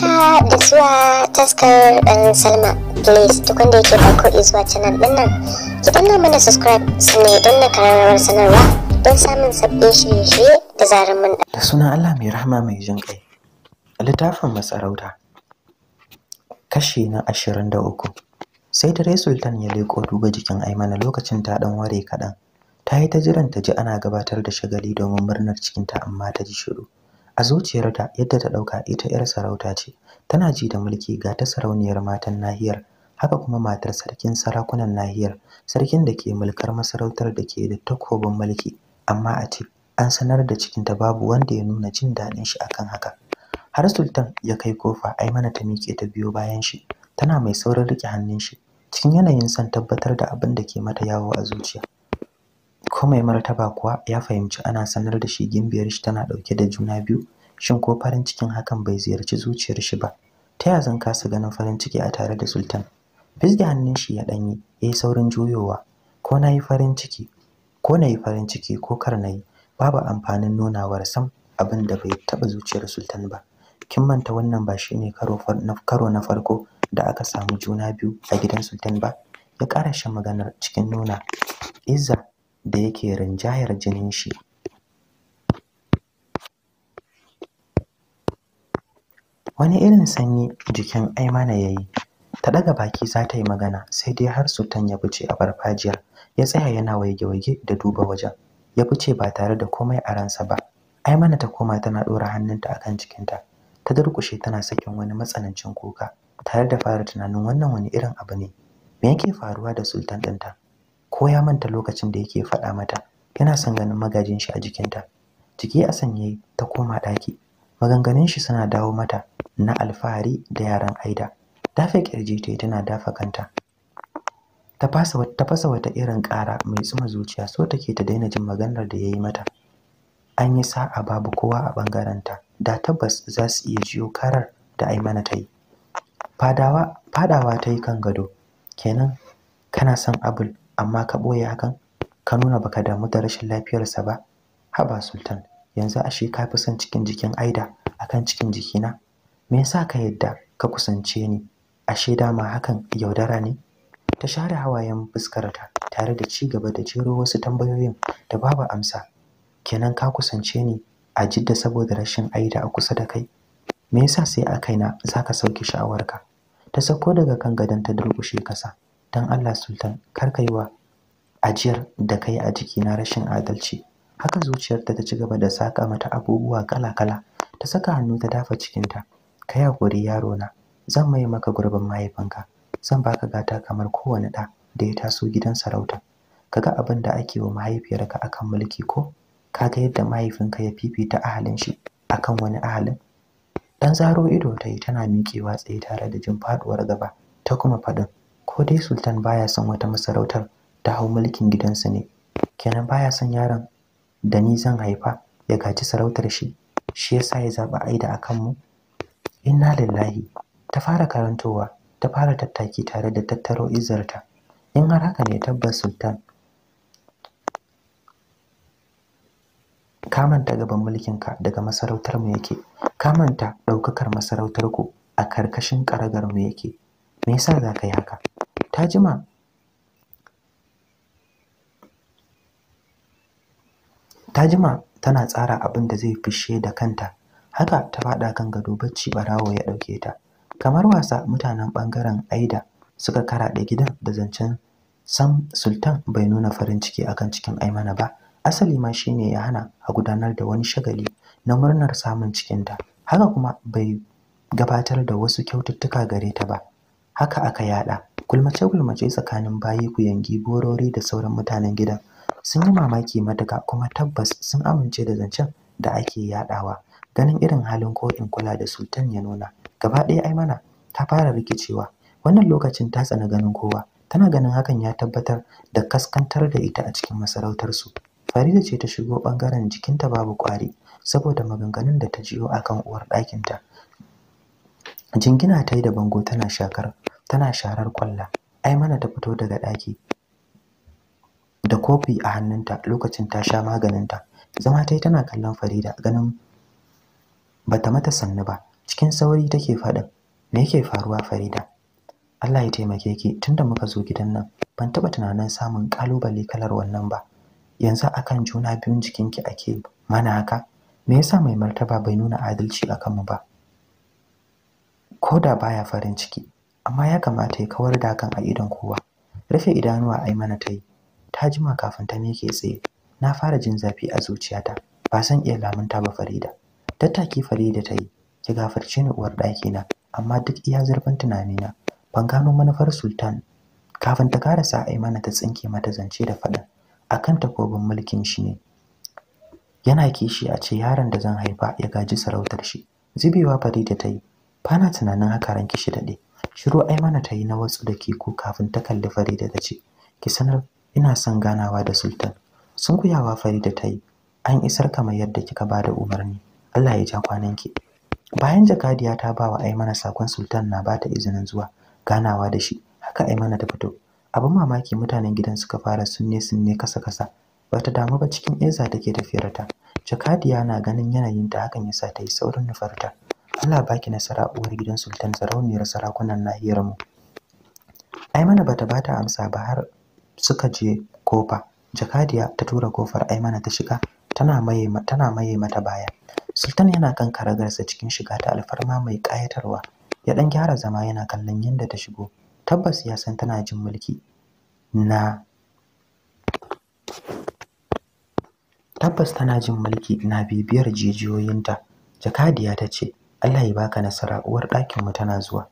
haka ah, da zuwa taskar ɗan um, salma please duk wanda yake farko izuwa canal ɗin nan ki danna mana subscribe sannan don na kararrawar sanarwa don samun sabbin shirye-shirye da zarar mun da suna allah mai rahama mai jin kai littafin masarauta kashi na ashirin da uku sai dare sultan ya leko duba jikin aimana lokacin ta ɗan ware kaɗan ta yi ta jiran ta ji ana gabatar da shagali domin murnar cikinta amma ta ji shiru a zuciyarta yadda ta ɗauka ita 'yar sarauta ce tana ji da mulki ga ta sarauniyar matan nahiyar haka kuma matar sarkin sarakunan nahiyar sarkin da ke mulkar masarautar da ke da takobin mulki amma a ce an sanar da cikinta babu wanda ya nuna jin daɗin shi akan haka har sultan ya kai kofa ai mana ta miƙe ta biyo bayan shi tana mai saurin riƙe hannun shi cikin yanayin son tabbatar da abin da ke mata yawo a zuciya ko mai martaba kuwa ya fahimci ana sanar da shi gimbiyar shi tana dauke da juna biyu shin ko farin cikin hakan bai ziyarci zuciyar shi ba ta ya zan kasa ganin farin ciki a tare da sultan fisge hannun shi ya danyi yi saurin juyowa ko nayi farin ciki ko nayi farin ciki ko kar na yi, babu amfanin nunawar sam abin da bai taba zuciyar sultan ba kin manta wannan ba shine karo na karo na farko da aka samu juna biyu a gidan sultan ba ya ƙara shan maganar cikin nuna izza da yake rinjayar jinin shi wani irin sanyi jikin aimana ya yi ta daga baki za ta yi magana sai dai har sultan ya fice a jiya, ya tsaya yana waige-waige da duba wajen ya fice ba tare da komai a ransa ba aimana ta koma tana ɗora hannunta a kan cikinta ta durƙushe tana sakin wani matsanancin kuka tare da fara tunanin wannan wani irin abu ne me yake faruwa da sultan ɗinta Koya manta lokacin da yake faɗa mata yana son ganin magajin shi a jikinta jiki a sanye ta koma ɗaki maganganun shi suna dawo mata na alfahari da yaran aida dafa kirji ta tana dafa kanta ta fasa ta fasa wata irin ƙara mai tsuma zuciya so take ta daina jin maganar da yayi mata an yi sa'a babu kowa a bangaranta da tabbas za su iya jiyo karar da aimana ta yi fadawa fadawa ta yi kan gado kenan kana son abul amma ka ɓoye hakan ka nuna baka damu da rashin lafiyarsa ba haba sultan yanzu ashe ka fi son cikin jikin aida akan cikin jikina me yasa ka yadda ka kusance ni ashe dama hakan yaudara ne ta share hawayen fuskarta tare da ci gaba da jero wasu tambayoyin da babu amsa kenan ka kusance ni a jidda saboda rashin aida a kusa da kai me yasa sai a kaina ka sauke sha'awarka ta sako daga kan gadon ta durƙushe kasa don Allah sultan kar ka yi wa ajiyar da kai a jikina rashin adalci haka zuciyarta ta ci gaba da saka mata abubuwa kala-kala ta saka hannu ta dafa cikinta ka yi hakuri yaro na zan mai maka gurbin mahaifinka zan baka gata kamar kowane ɗa da ya taso gidan sarauta Ka ga abin da ake wa mahaifiyarka akan mulki ko ka ga yadda mahaifinka ya fifita ahalin shi akan wani ahalin Ɗan zaro ido ta yi tana miƙewa tsaye tare da jin faɗuwar gaba ta kuma faɗin ko dai sultan baya son wata masarautar ta hau mulkin gidansu ne kenan baya son yaron da ni zan haifa ya gaji sarautar shi shi yasa ya zaba aida akan mu inna lillahi ta fara karantowa ta fara tattaki tare da tattaro izarta in har haka ne tabbas sultan kamanta gaban mulkin ka daga masarautar mu yake kamanta ɗaukakar masarautar ku a karkashin karagar mu yake me yasa za ka yi haka ta jima ta jima tana tsara abin da zai fishe da kanta haka ta faɗa kan gado bacci barawo ya ɗauke ta kamar wasa mutanen ɓangaren aida suka karaɗe gidan da zancen sam sultan bai nuna farin ciki akan cikin aimana ba asali ma shine ya hana a gudanar da wani shagali na murnar samun cikinta haka kuma bai gabatar da wasu kyaututtuka gare ta ba haka aka yada Gulmace-gulmace tsakanin bayi ku yangi borori da sauran mutanen gidan sun yi mamaki matuka kuma tabbas sun amince da zancen da ake yadawa ganin irin halin ko in kula da Sultan ya nuna. Gaba ɗaya ai mana ta fara rikicewa. Wannan lokacin ta tsani ganin kowa. Tana ganin hakan ya tabbatar da kaskantar da ita a cikin masarautar su. Farida ce ta shigo bangaren jikinta babu kwari saboda maganganun da ta jiyo akan uwar ɗakinta. Jingina ta yi da bango tana shakar tana sharar kwalla mana ta fito daga daki da kofi a hannunta lokacin ta sha maganinta zama ta yi tana kallon farida ganin bata mata sannu ba cikin sauri take faɗin me yake faruwa farida Allah ya taimake ki tunda muka zo gidan nan ban taɓa tunanin samun kalubale kalar wannan ba yanzu akan juna biyun jikinki ake mana haka me yasa mai martaba bai nuna adalci akan mu ba koda baya farin ciki amma ya kamata ya kawar da hakan a idon kowa rufe idanuwa aimana ta yi ta jima kafin ta meke tsaye na fara jin zafi a zuciyata ba san iya lamunta ba farida tattaki farida ta yi ki gafarce ni uwar ɗaki na. amma duk iya zurfin tunani na. ban gano manufar sultan kafin ta karasa mana ta tsinke mata zance da faɗin akan takobin mulkin shi ne yana kishi a ce yaron da zan haifa ya gaji sarautar shi zubewa farida ta yi bana tunanin haka ranki shi daɗe Shiru mana ta yi na wasu ko kafin ta kalli Farida ta ce, "Ki sanar ina son ganawa da Sultan." Sun kuyawa Farida ta yi, "An isar kamar yadda kika ba da umarni. Allah ya ja kwanan ki. Bayan Jakadiya ta ba wa mana, sakon Sultan na ba ta izinin zuwa ganawa da shi, haka ai mana ta fito. Abin mamaki mutanen gidan suka fara sunne sunne kasa kasa. Bata damu ba cikin Eza take tafiyarta. Jakadiya na ganin yanayin ta hakan yasa ta yi saurin nufarta. Allah baki nasara uwar gidan Sultan sarauniyar sarakunan nahiyar mu mana bata bata amsa ba har suka je kofa Jakadiya ta tura kofar ai mana ta shiga tana maye tana maye mata baya Sultan yana kan karagarsa cikin shiga ta alfarma mai kayatarwa ya dan gyara zama yana kallon yadda ta shigo tabbas ya san tana jin mulki na tabbas tana jin mulki na bibiyar jijiyoyinta jakadiya ta ce Allah ya baka nasara uwar ɗakin mu tana zuwa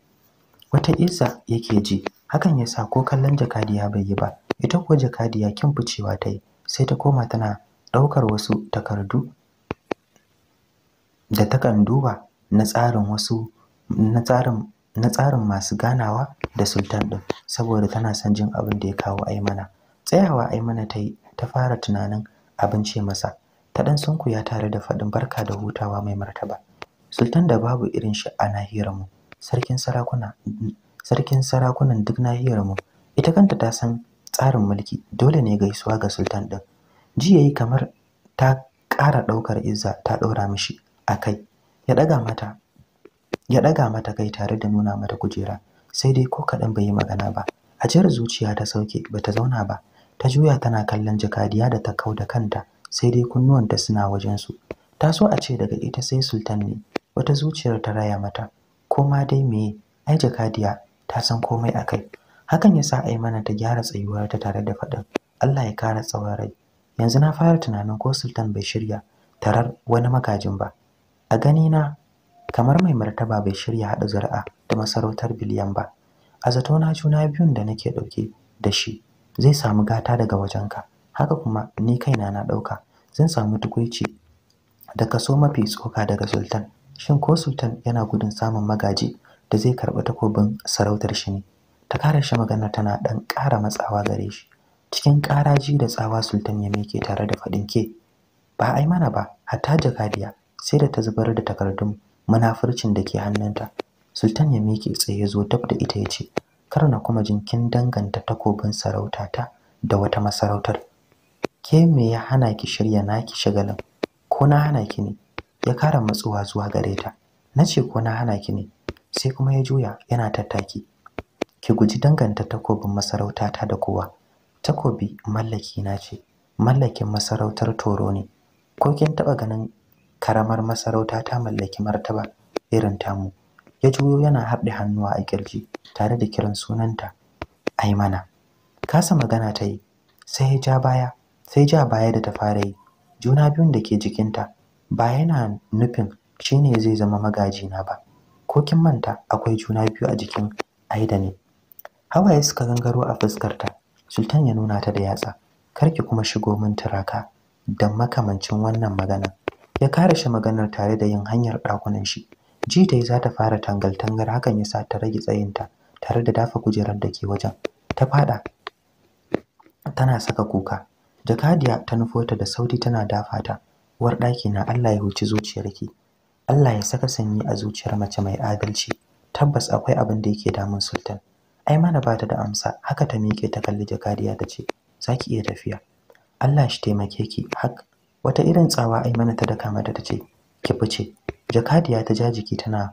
wata izza yake ji hakan yasa ko kallon jakadiya bai yi ba ita kuwa jakadiya kin ficewa ta yi sai ta koma tana ɗaukar wasu takardu da takan duba na tsarin wasu na tsarin na tsarin masu ganawa da sultan ɗin, saboda tana son jin abin da ya kawo aimana tsayawa aimana ta yi ta fara tunanin abin ce masa ta dan sunkuya tare da faɗin barka da hutawa mai martaba sultan da babu irin shi a nahiyar mu sarkin sarakuna sarkin sarakunan duk nahiyar mu ita kanta ta san tsarin mulki dole ne gaisuwa ga sultan din ji yayi kamar ta ƙara ɗaukar izza ta ɗaura mishi a kai ya ɗaga mata ya ɗaga mata kai tare da nuna mata kujera sai dai ko kaɗan bai yi magana ba ajiyar zuciya ta sauke bata zauna ba ta juya tana kallon jakadiya da ta kau da kanta sai dai kunnuwanta suna wajensu ta so a ce daga ita sai sultan ne wata zuciyar ta raya mata ko ma dai meye ai jakadiya ta san komai a kai? hakan yasa mana ta gyara tsayuwar ta tare da faɗin Allah ya kara tsawon rai yanzu na fara tunanin ko sultan bai shirya tarar wani magajin ba a gani na kamar mai martaba bai shirya haɗa zuri'a da masarautar biliyan ba a zato na juna biyun da nake ɗauke da shi zai samu gata daga wajenka haka kuma ni kaina na ɗauka zan samu tukuici da kaso mafi tsoka daga sultan shin ko sultan yana gudun samun magaji da zai karɓi takobin sarautar shi ne ta kare shi magana tana ɗan ƙara matsawa gare shi cikin ƙaraji da tsawa sultan ya meke tare da faɗin ke ba ai mana ba hatta jakadiya sai da ta zubar da takardun munafurcin da ke hannunta sultan ya meke tsaye zo dab da ita ya ce kar na kuma jinkin danganta takobin sarauta ta da wata masarautar ke me ya hana ki shirya naki shagalin ko na hana ki ne ya kara matsuwa zuwa gare ta na ce ko na hana ki ne sai kuma ya juya yana tattaki ki guji danganta takobin masarauta ta da kowa takobi mallaki na ce mallakin masarautar toro ne ko kin taba ganin karamar masarauta ta mallaki martaba irin tamu ya juyo yana haɗe hannuwa a kirji tare da kiran sunanta aimana kasa magana ta yi sai ya ja baya sai ja baya da ta fara yi juna biyun da ke jikinta ba yana nufin shi ne zai zama magaji na ba ko kin manta akwai juna biyu a jikin aida ne hawaye suka gangaro a fuskarta sultan ya nuna ta da yatsa Kar ki kuma shigo min turaka da makamancin wannan magana ya kare shi maganar tare da yin hanyar ɗakunan shi ji dai za ta fara tangal-tangar hakan ya sa ta rage tsayinta tare da dafa kujerar da ke wajen ta fada tana saka kuka jakadiya ta nufo ta da sauti tana dafa ta uwar ɗaki na Allah ya huci zuciyarki Allah ya saka sanyi a zuciyar mace mai adalci tabbas akwai abin da yake damun sultan ai mana bata da amsa haka ta miƙe ta kalli jakadiya ta ce zaki iya tafiya Allah shi taimake ki hak wata irin tsawa ai mana ta daka mata ta ce ki fice jakadiya ta ja tana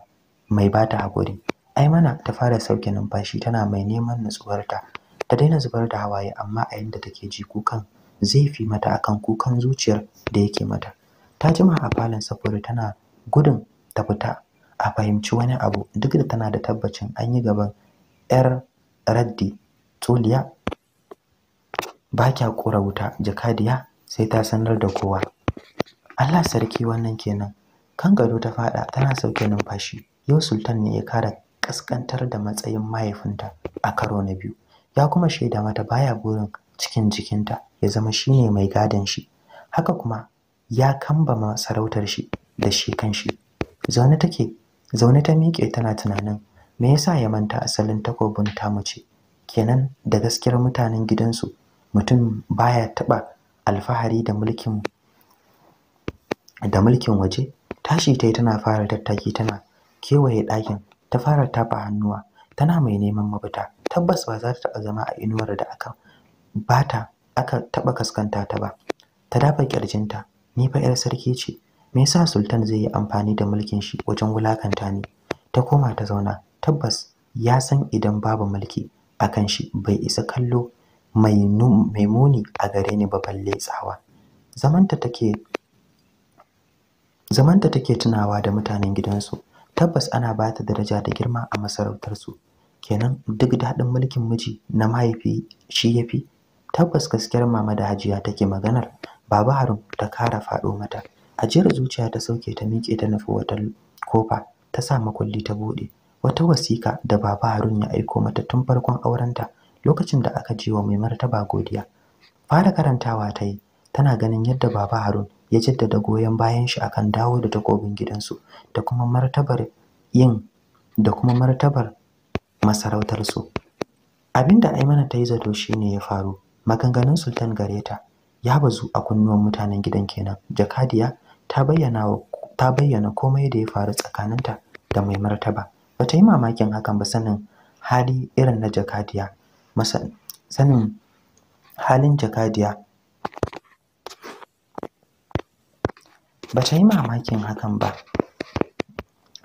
mai bata hakuri ai mana ta fara sauke numfashi tana mai neman nutsuwarta ta daina zubar da hawaye amma a yanda take ji kukan zai fi mata akan kukan zuciyar da yake mata ta jima a falon saboda tana gudun ta fita a fahimci wani abu duk da tana da tabbacin an yi gaban yar raddi toliya ba kya kora wuta jakadiya sai ta sanar da kowa Allah sarki wannan kenan kan gado ta fada tana sauke numfashi yau sultan ne ya kara kaskantar da matsayin mahaifinta a karo na biyu ya kuma shaida mata baya burin cikin jikinta ya zama shine mai gadon shi haka kuma ya kambama sarautar shi da shi kanshi zaune take zaune ta miƙe tana tunanin me yasa ya manta asalin takobin ta mace kenan da gaskiyar mutanen gidansu mutum baya taba alfahari da mulkin da mulkin waje tashi ta yi tana fara tattaki tana kewaye ɗakin ta fara tafa hannuwa tana mai neman mabuta tabbas ba za ta zama a inuwar da aka ba ta aka taɓa kaskanta ta ba ta dafa ƙirjinta ni fa 'yar sarki ce me yasa sultan zai yi amfani da mulkin shi wajen wulakanta ni ta koma ta zauna tabbas ya san idan babu mulki akan shi bai isa kallo mai muni a gare ni ba balle tsawa zamanta take tunawa da mutanen gidansu tabbas ana ba ta daraja da girma a masarautarsu kenan duk daɗin mulkin miji na mahaifi shi yafi tabbas gaskiyar mama da hajiya take maganar baba harun ta kara faɗo mata ajiyar zuciya ta sauke ta miƙe ta nufi wata kofa ta sa makulli ta buɗe wata wasiƙa da baba harun ya aiko mata tun farkon aurenta lokacin da aka ji wa mai martaba godiya fara karantawa ta yi tana ganin yadda baba harun ya jaddada goyon bayan shi akan dawo da takobin gidansu da kuma martabar yin da kuma martabar masarautarsu abinda aimana ta yi zato shine ya faru maganganun sultan gareta ya bazu a kunnuwan mutanen gidan kenan jakadiya ta bayyana komai da ya faru tsakaninta da mai martaba bata yi mamakin hakan ba sanin hali irin na jakadiya sanin halin jakadiya bata yi mamakin hakan ba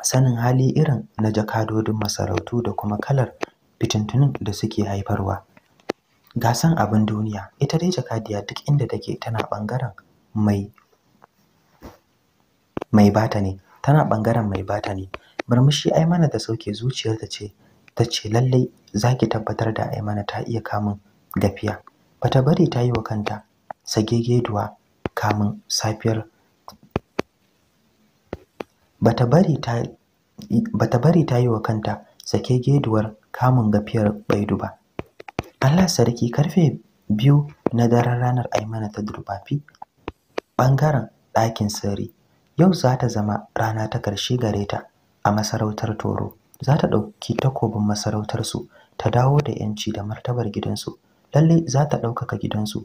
sanin hali irin na jakadodin masarautu da kuma kalar fitintunin da suke haifarwa gasan abin duniya ita dai jakadiya duk inda take tana bangaren mai mai bata ne tana bangaren mai bata ne murmushi aimana da sauke zuciyarta ce ta ce lallai zaki tabbatar da aimana ta iya kamun gafiya bata bari ta yi wa kanta sagegeduwa kamun safiyar bata ta bari ta yi wa kanta kamun gafiyar baidu ba Allah sarki karfe biyu na daren ranar Aimana ta durbafi ɓangaren ɗakin sirri. Yau za ta zama rana ta ƙarshe gare ta a masarautar Toro. Za ta ɗauki takobin masarautarsu ta dawo da 'yanci da martabar gidansu. Lalle za ta ɗaukaka gidansu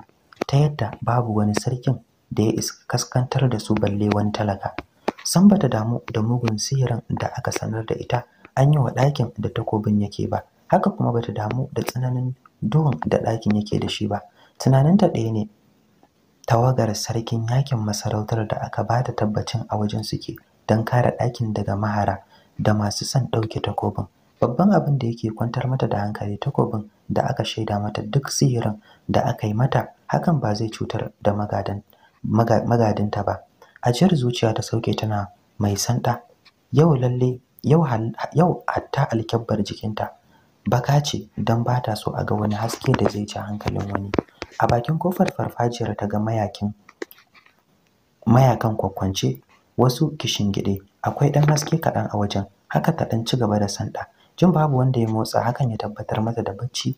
ta yadda babu wani sarkin da ya iska kaskantar da su balle wani talaka. San bata damu da mugun sihirin da aka sanar da ita an yi wa ɗakin da takobin yake ba. Haka kuma bata damu da tsananin duhun da ɗakin yake da shi ba tunaninta ɗaya ne tawagar sarkin yakin masarautar da aka ba da tabbacin a wajen suke don kare ɗakin daga mahara da masu son ɗauke takobin babban abin da yake kwantar mata da hankali takobin da aka shaida mata duk sihirin da aka yi mata hakan ba zai cutar da magadinta ba ajiyar zuciya ta sauke tana mai santa yau lalle yau hatta alkyabbar jikinta baka ce don ba ta so a ga wani haske da zai ci hankalin wani a bakin kofar farfajiyar ta ga mayakin mayakan kwakwance wasu kishin kishingide akwai dan haske kaɗan a wajen haka ta dan ci gaba da sanda jin babu wanda ya motsa hakan ya tabbatar mata da bacci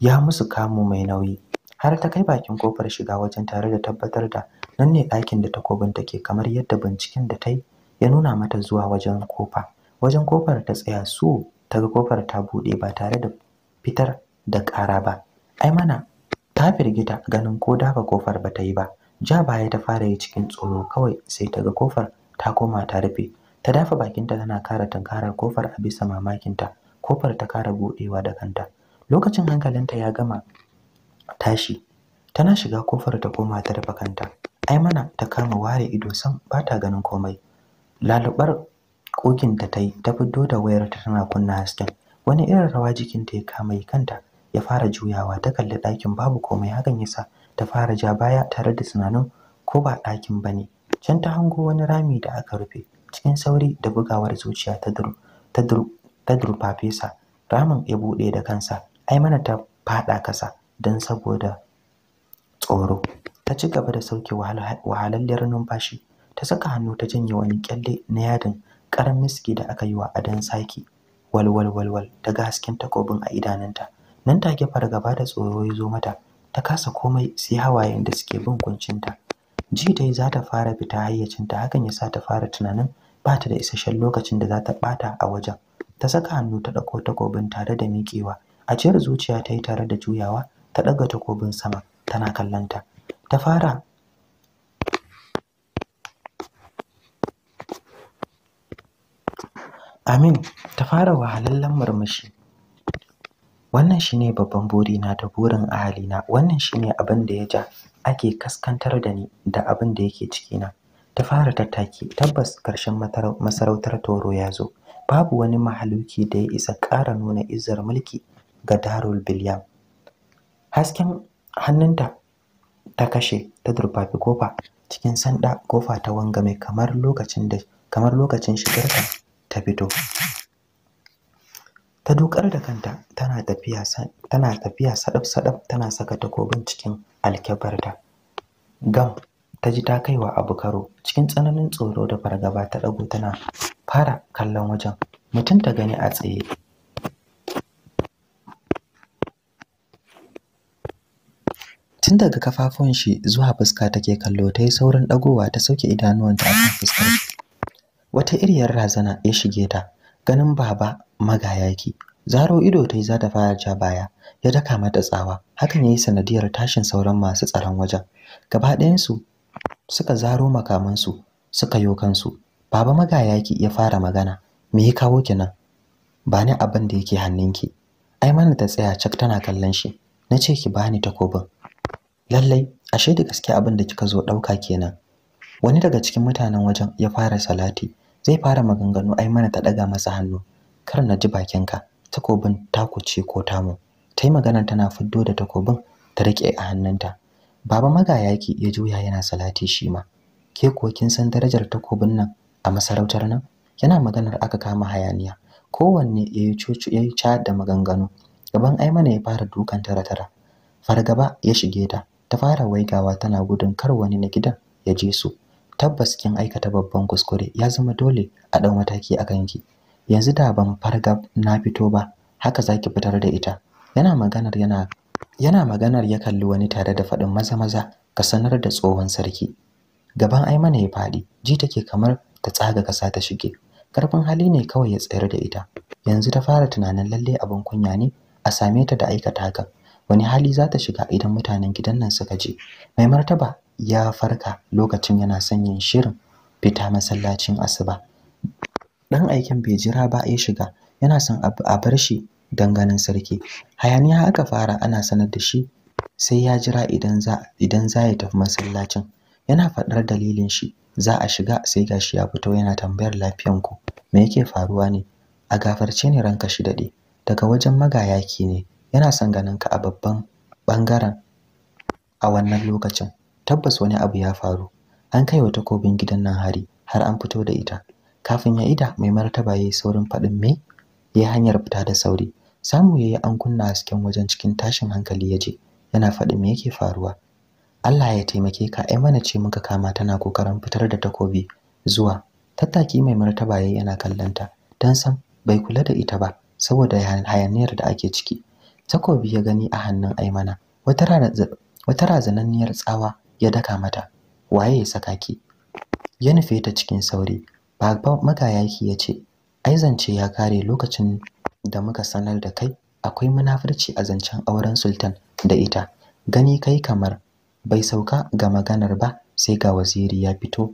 ya musu kamu mai nauyi har ta kai bakin kofar shiga wajen tare da tabbatar da nan ne ɗakin da takobin take kamar yadda binciken da ta yi ya nuna mata zuwa wajen kofa wajen kofar ta tsaya su ta ga kofar ta buɗe ba tare da fitar da ƙara ba ai mana ta firgita ganin ko dafa kofar ba ta yi ba ja baya ta fara yi cikin tsoro kawai sai ta ga kofar ta koma ta rufe ta dafa bakinta tana kara tunkarar kofar a bisa mamakinta kofar ta kara buɗewa da kanta lokacin hankalinta ya gama tashi tana shiga kofar ta koma ta rufe kanta ai mana ta kama ware ido sam ba ta ganin komai lalubar kokin ta yi ta fito da wayarta tana kunna hasken wani irin rawa jikinta ya kama kanta ya fara juyawa ta kalli ɗakin babu komai hakan ya ta fara ja baya tare da tunanin ko ba ɗakin ba ne can ta hango wani rami da aka rufe cikin sauri da bugawar zuciya ta durfafe sa ramin ya buɗe da kansa ai mana ta faɗa kasa don saboda tsoro ta ci gaba da sauke wahalalliyar numfashi ta saka hannu ta janye wani kyalle na yadin karamin miski da aka yi wa adan saki walwal walwal ta ga hasken takobin a idanunta nan take fargaba da tsoro ya zo mata ta kasa komai sai hawayen da suke bin kuncinta ji dai za ta fara fita hayyacinta hakan ya sa ta fara tunanin ba ta da isasshen lokacin da za ta bata a wajen ta saka hannu ta ɗauko takobin tare da miƙewa ajiyar zuciya ta yi tare da juyawa ta ɗaga takobin sama tana kallonta ta fara Amin ta fara wahalallen murmushi. Wannan shine babban burina da burin ahalina, wannan shine abin da ya ja ake kaskantar da ni da abin da yake cikina. Ta fara tattaki, tabbas ƙarshen masarautar Toro ya zo. Babu wani mahaluki da ya isa ƙara nuna izar mulki ga Darul Bilyam. Hasken hannunta ta kashe ta durfafi kofa cikin sanda kofa ta wangame kamar lokacin da kamar lokacin shigarta ta fito ta dukar da kanta tana tafiya tana tafiya sadab sadab tana saka takobin cikin alkebarta gam ta ji ta kaiwa abu karo cikin tsananin tsoro da fargaba ta dago tana fara kallon wajen mutum ta gani a tsaye tun daga kafafun shi zuwa fuska take kallo ta yi saurin dagowa ta sauke idanuwanta kan fuskar shi wata iriyar razana ya shige ta ganin baba magayaki zaro ido ta yi za ta fara ja baya ya daka mata tsawa hakan ya yi sanadiyar tashin sauran masu tsaron wajen gaba ɗayansu suka zaro makamansu suka yo kansu baba magayaki ya fara magana me ya kawo ki nan ba ni abin da yake hannunki ai mana ta tsaya cak tana kallon shi na ce ki bani takobin lallai ashe da gaske abin da kika zo ɗauka kenan wani daga cikin mutanen wajen ya fara salati zai fara maganganu ai mana ta daga masa hannu kar na ji bakinka takobin taku ce ko tamu ta yi magana tana fiddo da takobin ta rike a hannunta baba magayaki ya juya yana salati shi ma ke ko kin san darajar takobin nan a masarautar nan yana maganar aka kama hayaniya kowanne ya yi cucu ya yi da maganganu gaban ai mana ya fara dukan tara tara fargaba ya shige ta ta fara waigawa tana gudun kar wani na gidan ya je su tabbas kin aikata babban kuskure ya zama dole a dau mataki a kanki yanzu da ban farga na fito ba haka zaki fitar da ita yana maganar yana yana maganar ya kalli wani tare da faɗin maza maza ka sanar da tsohon sarki gaban ai mana ya faɗi ji take kamar ta tsaga kasa ta shige karfin hali ne kawai ya tsayar da ita yanzu ta fara tunanin lalle abin kunya ne a same ta da aikata haka wani hali za ta shiga idan mutanen gidan nan suka je mai martaba ya farka lokacin yana son yin shirin fita masallacin asuba dan aikin bai jira ba ya shiga yana son a bar shi ganin sarki hayaniya aka fara ana sanar da shi sai ya jira idan za idan za ya tafi masallacin yana faɗar dalilin shi za a shiga sai gashi ya fito yana tambayar lafiyan ku me yake faruwa ne a gafarce ne ranka shi dade daga wajen magayaki ne yana son ganin ka a babban bangaren a wannan lokacin tabbas wani abu ya faru an kai wa takobin gidan nan hari har an fito da ita kafin ya ida mai martaba yayi saurin faɗin me yayi hanyar fita da sauri samu yayi an kunna hasken wajen cikin tashin hankali ya je. yana faɗin me yake faruwa Allah ya taimake ka ai mana ce muka kama tana kokarin fitar da takobi zuwa tattaki mai martaba yayi yana kallanta dan san bai kula da ita ba saboda hayaniyar da ake ciki takobi ya gani a hannun Aimana wata razananniyar tsawa ya daka mata waye ya saka ki ya nufe ta cikin sauri baban magayaki ya ce ai zance ya kare lokacin da muka sanar da kai akwai munafurci a zancen auren sultan da ita gani kai kamar bai sauka ga maganar ba sai ga waziri ya fito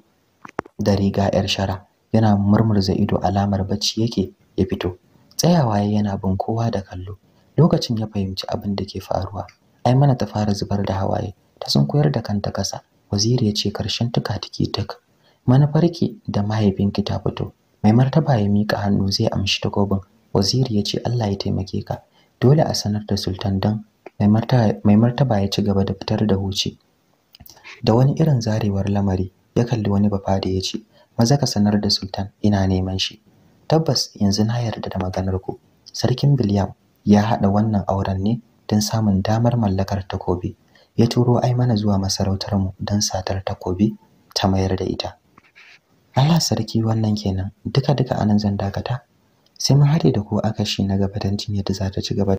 da riga yar shara yana murmurza ido alamar bacci yake ya fito tsayawa yana bin kowa da kallo lokacin ya fahimci abin da ke faruwa ai mana ta fara zubar da hawaye ta sun koyar da kanta kasa waziri ya ce karshen tuka-tuki tuk manufarki da mahaifinki ta fito mai martaba ya mika hannu zai amshi ta takobin waziri ya ce Allah ya taimake ka dole a sanar da sultan dan mai martaba ya ci gaba da fitar da huce da wani irin zarewar lamari ya kalli wani bafa da ya ce maza ka sanar da sultan ina neman shi tabbas yanzu na yarda da maganar ku sarkin biliyam ya haɗa wannan auren ne don samun damar mallakar takobi ya turo ai mana zuwa masarautar mu don satar takobi ta mayar da ita Allah sarki wannan kenan duka duka anan zan dakata sai mun haɗe da ku aka shi na gaba yadda za ta ci gaba